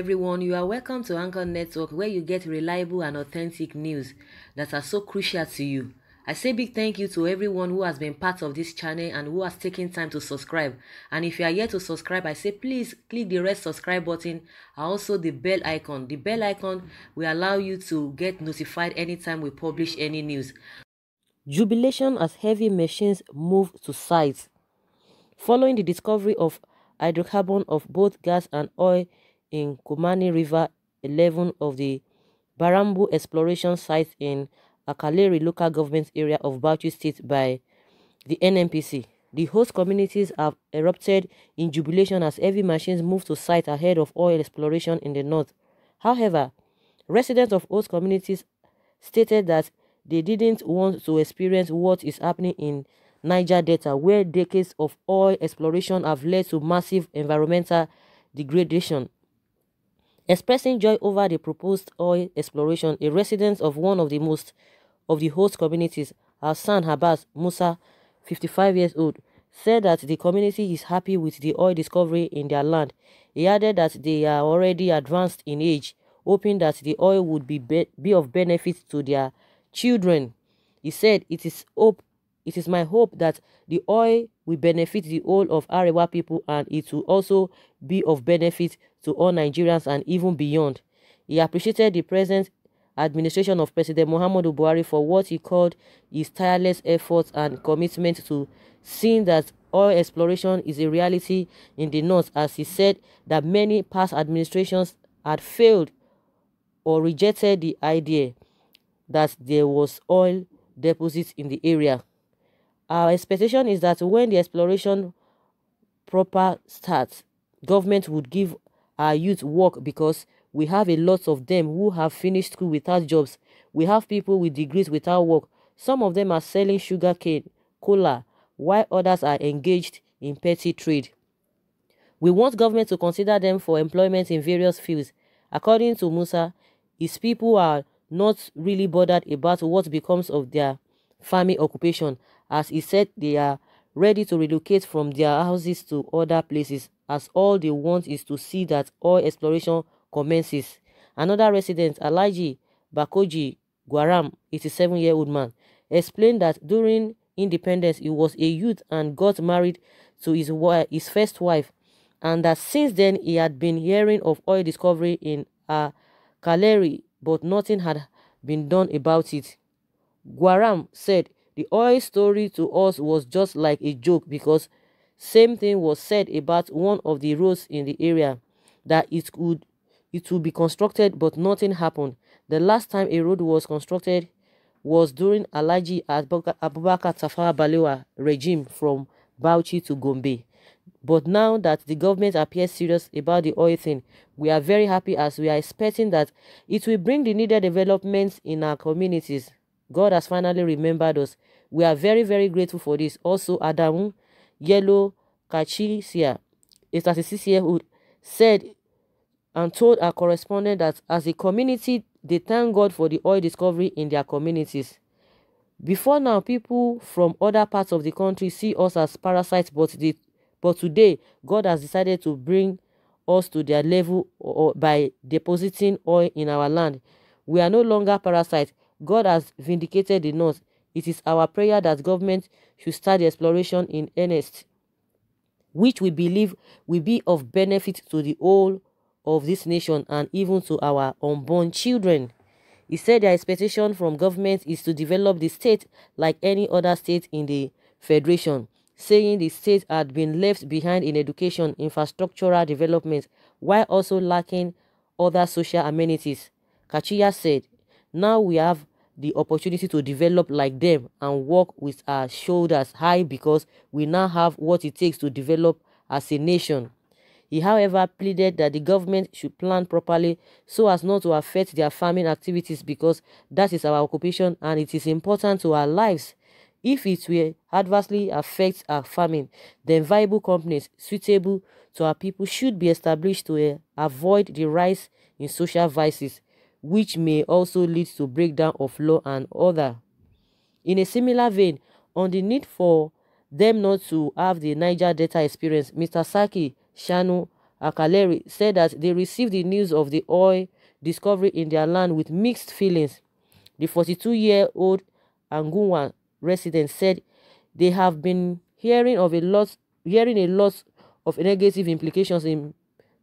everyone. You are welcome to Anchor Network, where you get reliable and authentic news that are so crucial to you. I say big thank you to everyone who has been part of this channel and who has taken time to subscribe. And if you are yet to subscribe, I say please click the red subscribe button and also the bell icon. The bell icon will allow you to get notified anytime we publish any news. Jubilation as heavy machines move to site. Following the discovery of hydrocarbon of both gas and oil in Kumani River 11 of the Barambu exploration sites in Akaleri local government area of Bauchi State by the NNPC. The host communities have erupted in jubilation as heavy machines move to site ahead of oil exploration in the north. However, residents of host communities stated that they didn't want to experience what is happening in Niger Delta, where decades of oil exploration have led to massive environmental degradation. Expressing joy over the proposed oil exploration, a resident of one of the most of the host communities, Hassan Habas Musa, 55 years old, said that the community is happy with the oil discovery in their land. He added that they are already advanced in age, hoping that the oil would be, be, be of benefit to their children. He said it is hope it is my hope that the oil will benefit the whole of Arewa people and it will also be of benefit to all Nigerians and even beyond. He appreciated the present administration of President Muhammadu Buhari for what he called his tireless efforts and commitment to seeing that oil exploration is a reality in the north as he said that many past administrations had failed or rejected the idea that there was oil deposits in the area. Our expectation is that when the exploration proper starts, government would give our youth work because we have a lot of them who have finished school without jobs. We have people with degrees without work. Some of them are selling sugar cane, cola, while others are engaged in petty trade. We want government to consider them for employment in various fields. According to Musa, his people are not really bothered about what becomes of their farming occupation as he said, they are ready to relocate from their houses to other places as all they want is to see that oil exploration commences. Another resident, Alaji Bakoji Guaram, 87-year-old man, explained that during independence he was a youth and got married to his, wife, his first wife and that since then he had been hearing of oil discovery in uh, Kaleri, but nothing had been done about it. Guaram said the oil story to us was just like a joke because same thing was said about one of the roads in the area that it would it would be constructed but nothing happened. The last time a road was constructed was during Alaji Abubakar Tafawa Balewa regime from Bauchi to Gombe. But now that the government appears serious about the oil thing, we are very happy as we are expecting that it will bring the needed developments in our communities. God has finally remembered us. We are very, very grateful for this. Also, Adamu Yellow Kachisia, a 36-year-old, said and told our correspondent that as a community, they thank God for the oil discovery in their communities. Before now, people from other parts of the country see us as parasites, but, the but today, God has decided to bring us to their level or, or by depositing oil in our land. We are no longer parasites. God has vindicated the North. It is our prayer that government should start the exploration in earnest, which we believe will be of benefit to the whole of this nation and even to our unborn children. He said "Their expectation from government is to develop the state like any other state in the federation, saying the state had been left behind in education, infrastructural development, while also lacking other social amenities. Kachiya said, now we have the opportunity to develop like them and work with our shoulders high because we now have what it takes to develop as a nation. He, however, pleaded that the government should plan properly so as not to affect their farming activities because that is our occupation and it is important to our lives. If it will adversely affect our farming, then viable companies suitable to our people should be established to uh, avoid the rise in social vices which may also lead to breakdown of law and order. In a similar vein, on the need for them not to have the Niger Delta experience, Mr. Saki Shanu Akaleri said that they received the news of the oil discovery in their land with mixed feelings. The 42-year-old Angunwa resident said they have been hearing of a lot, hearing a lot of negative implications in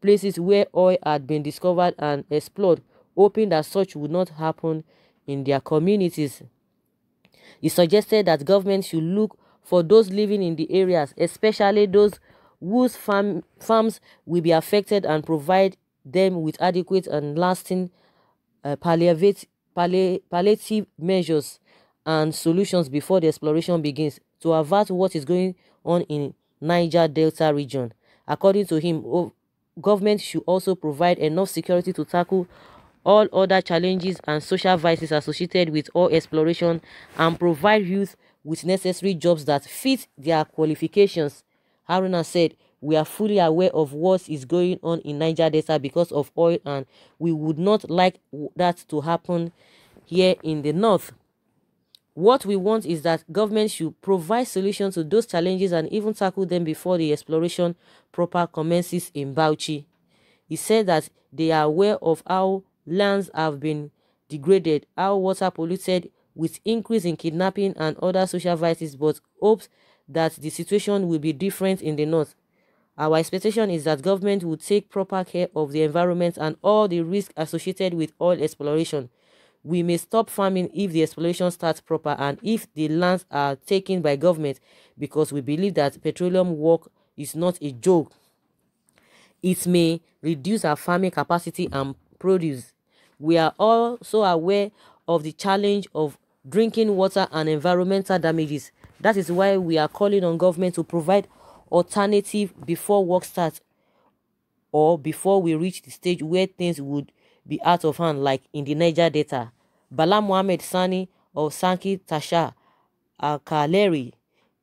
places where oil had been discovered and explored hoping that such would not happen in their communities. He suggested that government should look for those living in the areas, especially those whose farm, farms will be affected and provide them with adequate and lasting uh, palliative, palli palliative measures and solutions before the exploration begins to avert what is going on in Niger Delta region. According to him, government should also provide enough security to tackle all other challenges and social vices associated with all exploration and provide youth with necessary jobs that fit their qualifications. Haruna said, we are fully aware of what is going on in Niger Delta because of oil and we would not like that to happen here in the north. What we want is that government should provide solutions to those challenges and even tackle them before the exploration proper commences in Bauchi. He said that they are aware of how lands have been degraded, our water polluted with increase in kidnapping and other social vices but hopes that the situation will be different in the north. Our expectation is that government will take proper care of the environment and all the risks associated with oil exploration. We may stop farming if the exploration starts proper and if the lands are taken by government because we believe that petroleum work is not a joke. It may reduce our farming capacity and produce. We are also aware of the challenge of drinking water and environmental damages. That is why we are calling on government to provide alternative before work starts or before we reach the stage where things would be out of hand like in the Niger Delta. Bala Mohammed Sani of Sanki Tasha Akaleri,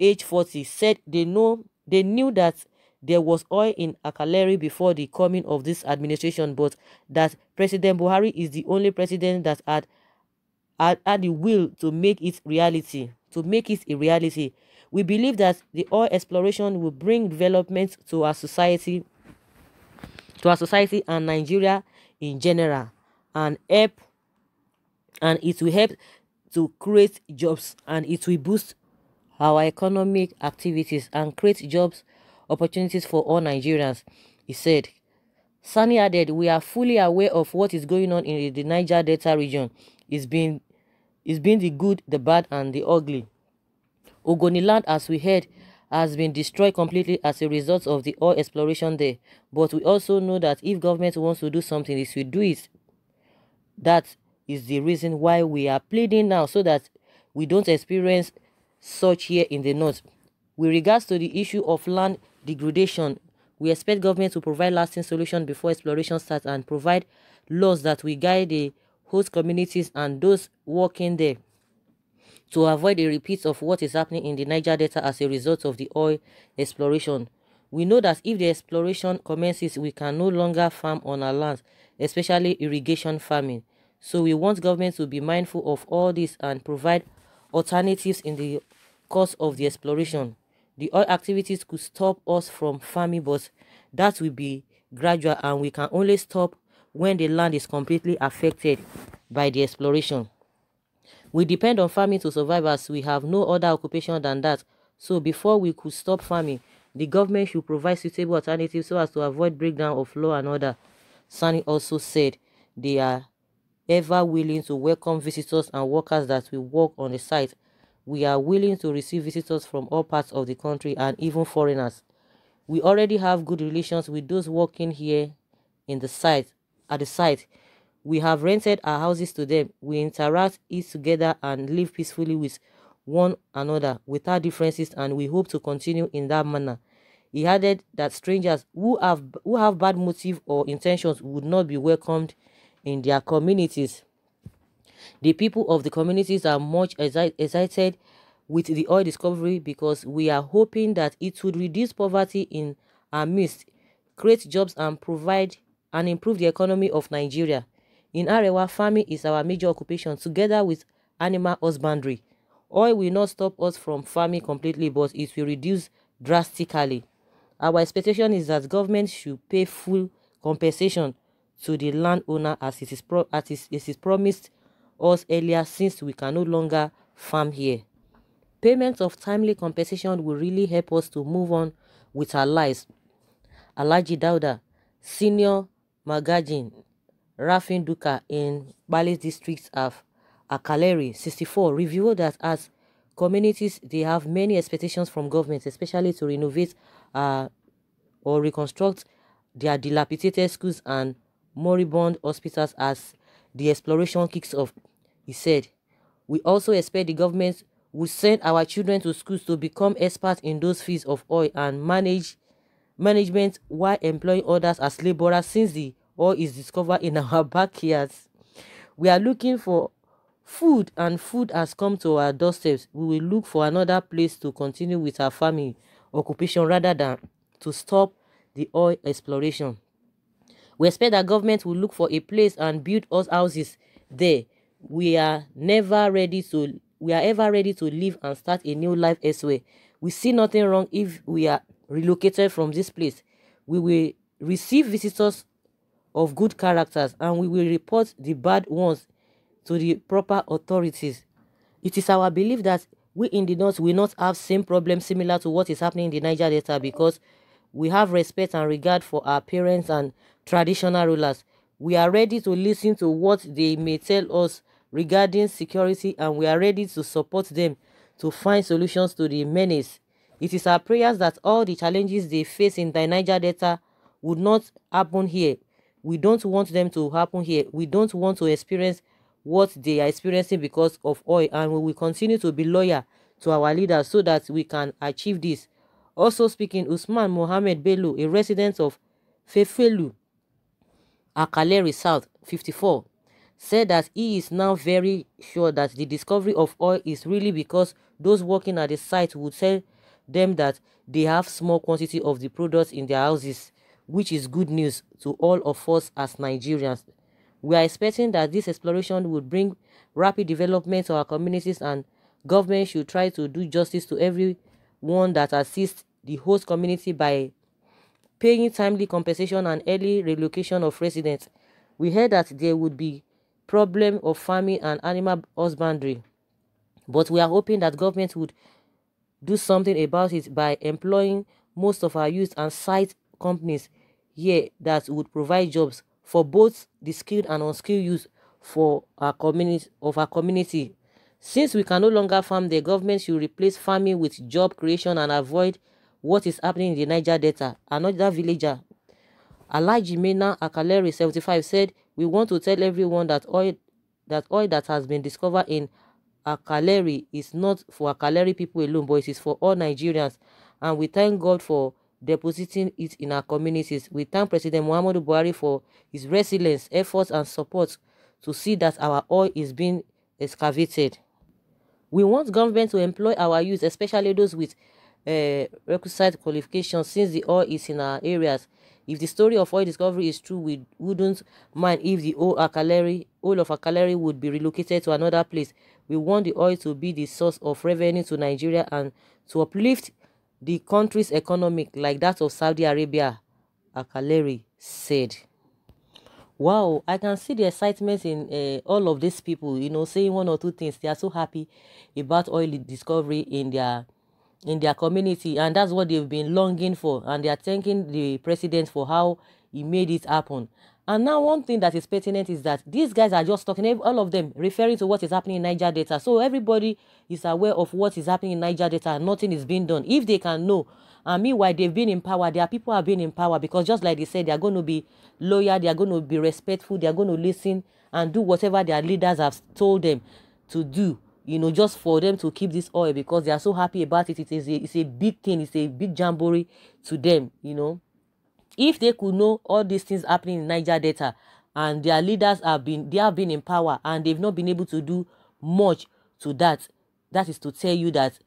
age 40, said they know they knew that there was oil in Akaleri before the coming of this administration, but that President Buhari is the only president that had, had, had the will to make it reality, to make it a reality. We believe that the oil exploration will bring development to our society, to our society and Nigeria in general, and help, and it will help to create jobs, and it will boost our economic activities and create jobs opportunities for all Nigerians, he said. Sani added, we are fully aware of what is going on in the Niger Delta region. It's been, it's been the good, the bad, and the ugly. Ogoniland, as we heard, has been destroyed completely as a result of the oil exploration there. But we also know that if government wants to do something, it should do it. That is the reason why we are pleading now so that we don't experience such here in the north. With regards to the issue of land degradation. We expect government to provide lasting solutions before exploration starts and provide laws that will guide the host communities and those working there to avoid a repeat of what is happening in the Niger Delta as a result of the oil exploration. We know that if the exploration commences, we can no longer farm on our lands, especially irrigation farming. So we want government to be mindful of all this and provide alternatives in the course of the exploration. The oil activities could stop us from farming, but that will be gradual and we can only stop when the land is completely affected by the exploration. We depend on farming to survive as we have no other occupation than that. So before we could stop farming, the government should provide suitable alternatives so as to avoid breakdown of law and order. Sani also said they are ever willing to welcome visitors and workers that will work on the site we are willing to receive visitors from all parts of the country and even foreigners. We already have good relations with those working here in the site, at the site. We have rented our houses to them. We interact, eat together, and live peacefully with one another without differences, and we hope to continue in that manner. He added that strangers who have who have bad motive or intentions would not be welcomed in their communities. The people of the communities are much excited with the oil discovery because we are hoping that it would reduce poverty in our midst, create jobs and provide and improve the economy of Nigeria. In Arewa, farming is our major occupation together with animal husbandry. Oil will not stop us from farming completely, but it will reduce drastically. Our expectation is that government should pay full compensation to the landowner as it is, pro as it is promised us earlier since we can no longer farm here. Payment of timely compensation will really help us to move on with our lives. Alaji Dauda, Senior Magajin, Rafin Duka in Balis District of Akaleri, 64, revealed that as communities, they have many expectations from government, especially to renovate uh, or reconstruct their dilapidated schools and moribund hospitals as the exploration kicks off. He said, We also expect the government will send our children to schools to become experts in those fields of oil and manage management while employing others as laborers since the oil is discovered in our backyards. We are looking for food and food has come to our doorsteps. We will look for another place to continue with our farming occupation rather than to stop the oil exploration. We expect that government will look for a place and build us houses there. We are never ready to we are ever ready to live and start a new life elsewhere. We see nothing wrong if we are relocated from this place. We will receive visitors of good characters and we will report the bad ones to the proper authorities. It is our belief that we in the north will not have same problems similar to what is happening in the Niger Delta because we have respect and regard for our parents and traditional rulers. We are ready to listen to what they may tell us regarding security and we are ready to support them to find solutions to the menace. It is our prayers that all the challenges they face in the Niger Delta would not happen here. We don't want them to happen here. We don't want to experience what they are experiencing because of oil and we will continue to be loyal to our leaders so that we can achieve this. Also speaking, Usman Mohammed Bello, a resident of Fefelu, Akaleri South, 54, said that he is now very sure that the discovery of oil is really because those working at the site would tell them that they have small quantity of the products in their houses, which is good news to all of us as Nigerians. We are expecting that this exploration would bring rapid development to our communities and government should try to do justice to everyone that assists the host community by paying timely compensation and early relocation of residents. We heard that there would be problem of farming and animal husbandry, but we are hoping that government would do something about it by employing most of our youth and site companies here that would provide jobs for both the skilled and unskilled youth for our community of our community. Since we can no longer farm, the government should replace farming with job creation and avoid what is happening in the Niger Delta. Another villager, Alaji Mena Akaleri, 75, said, We want to tell everyone that oil that oil that has been discovered in Akaleri is not for Akaleri people alone, but it is for all Nigerians. And we thank God for depositing it in our communities. We thank President Muhammadu Buhari for his resilience, efforts, and support to see that our oil is being excavated. We want government to employ our youth, especially those with uh, requisite qualification since the oil is in our areas. If the story of oil discovery is true, we wouldn't mind if the oil Akaleri, all of Akaleri would be relocated to another place. We want the oil to be the source of revenue to Nigeria and to uplift the country's economic like that of Saudi Arabia, Akaleri said. Wow, I can see the excitement in uh, all of these people, you know, saying one or two things. They are so happy about oil discovery in their in their community and that's what they've been longing for and they are thanking the president for how he made it happen and now one thing that is pertinent is that these guys are just talking all of them referring to what is happening in niger data so everybody is aware of what is happening in niger data and nothing is being done if they can know and meanwhile they've been in power their people have been in power because just like they said they are going to be loyal they are going to be respectful they are going to listen and do whatever their leaders have told them to do you know, just for them to keep this oil because they are so happy about it. It is a, it's a big thing. It's a big jamboree to them, you know. If they could know all these things happening in Niger Delta and their leaders have been, they have been in power and they've not been able to do much to that, that is to tell you that,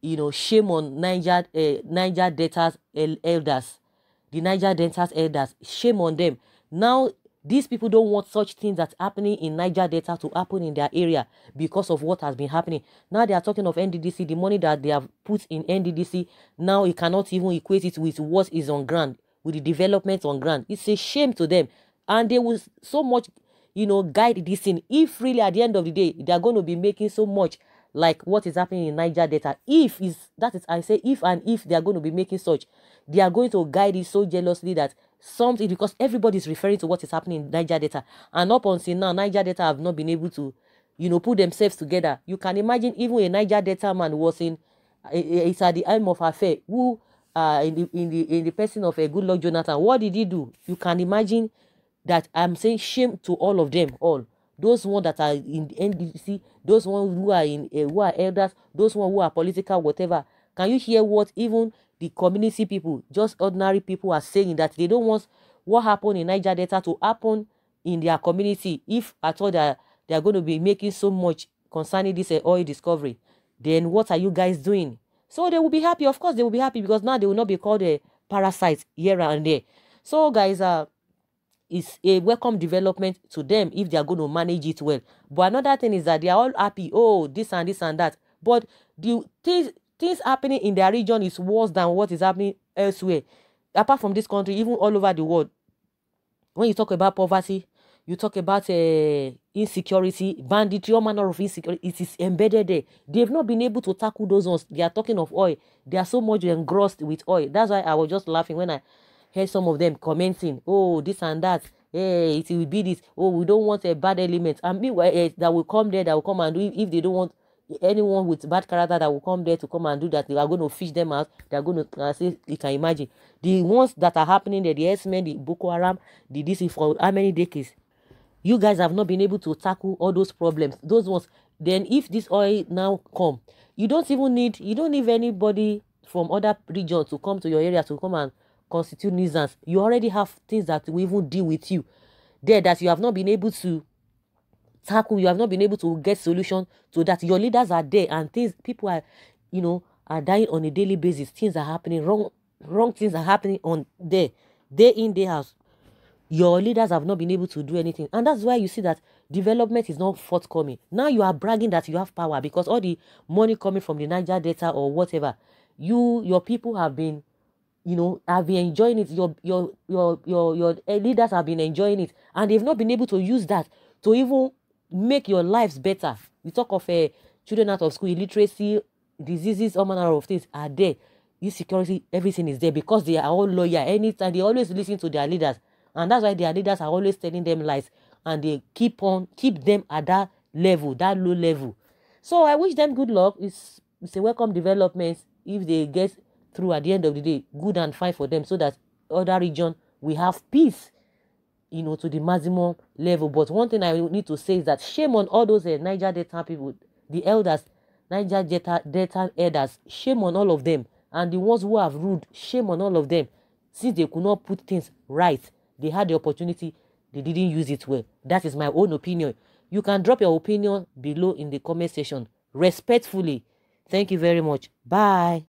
you know, shame on Niger, uh, Niger Delta's elders, the Niger Delta's elders, shame on them. Now these people don't want such things that's happening in Niger Delta to happen in their area because of what has been happening. Now they are talking of NDDC, the money that they have put in NDDC, now it cannot even equate it with what is on ground, with the development on ground. It's a shame to them. And they will so much, you know, guide this thing. If really at the end of the day, they are going to be making so much like what is happening in Niger Delta. If is that is I say if and if they are going to be making such, they are going to guide it so jealously that something because everybody is referring to what is happening in Niger Data. And up until now, Niger Data have not been able to, you know, put themselves together. You can imagine even a Niger Data man was in, eh, eh, it's at the helm of affair, who, uh, in, the, in, the, in the person of a good Lord Jonathan, what did he do? You can imagine that I'm saying shame to all of them, all. Those ones that are in the NDC, those ones who are in uh, who are elders, those ones who are political, whatever. Can you hear what even the community people, just ordinary people are saying that they don't want what happened in Niger Delta to happen in their community if at all they are, they are going to be making so much concerning this uh, oil discovery. Then what are you guys doing? So they will be happy. Of course, they will be happy because now they will not be called a parasite here and there. So guys, uh, it's a welcome development to them if they are going to manage it well. But another thing is that they are all happy. Oh, this and this and that. But the things things happening in their region is worse than what is happening elsewhere. Apart from this country, even all over the world. When you talk about poverty, you talk about uh, insecurity, banditry, all manner of insecurity, it is embedded there. They've not been able to tackle those ones. They are talking of oil. They are so much engrossed with oil. That's why I was just laughing when I heard some of them commenting, oh, this and that. Hey, eh, it will be this. Oh, we don't want a bad element. And meanwhile, uh, that will come there, that will come and do if they don't want anyone with bad character that will come there to come and do that, they are going to fish them out. They are going to uh, you can imagine. The ones that are happening there, the S-Men, the Boko Haram, the DC for how many decades? You guys have not been able to tackle all those problems. Those ones. Then if this oil now come, you don't even need, you don't need anybody from other regions to come to your area to come and constitute nuisance. You already have things that will even deal with you there that you have not been able to tackle, you have not been able to get solution to that. Your leaders are there and things people are, you know, are dying on a daily basis. Things are happening, wrong, wrong things are happening on there, day in, day out. Your leaders have not been able to do anything. And that's why you see that development is not forthcoming. Now you are bragging that you have power because all the money coming from the Niger data or whatever, you your people have been you know have been enjoying it your your your your your leaders have been enjoying it and they've not been able to use that to even make your lives better. We talk of uh, children out of school, illiteracy, diseases, all manner of things are there. Insecurity, everything is there because they are all lawyer. Anytime they always listen to their leaders, and that's why their leaders are always telling them lies, and they keep on keep them at that level, that low level. So I wish them good luck. It's it's a welcome development if they get through at the end of the day, good and fine for them, so that other region we have peace you know, to the maximum level. But one thing I need to say is that shame on all those uh, Niger Delta people, the elders, Niger Delta, Delta elders, shame on all of them. And the ones who have ruled, shame on all of them. Since they could not put things right, they had the opportunity, they didn't use it well. That is my own opinion. You can drop your opinion below in the comment section. Respectfully. Thank you very much. Bye.